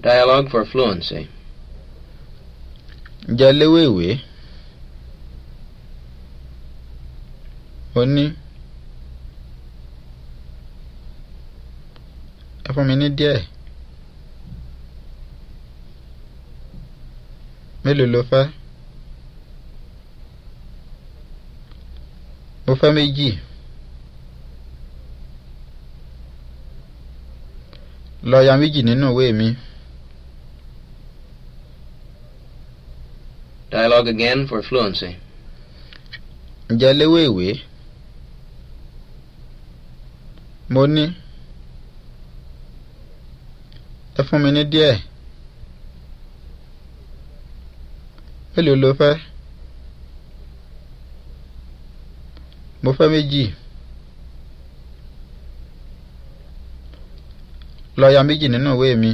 Dialogue for fluency. Ǹjẹ́ Oni. ìwé? Ó ní. Ẹ fún mi ní díẹ̀. Mélòó lo fẹ́? Mo fẹ́ méjì. Lọ méjì nínú ìwé mi. Dialogue again for fluency. Ǹjẹ́ léwé ìwé? Mo ní. Ẹ fún mi ní díẹ̀. Èlò ló fẹ́? Mo fẹ́ méjì. Lọ ya méjì nínú ìwé mi.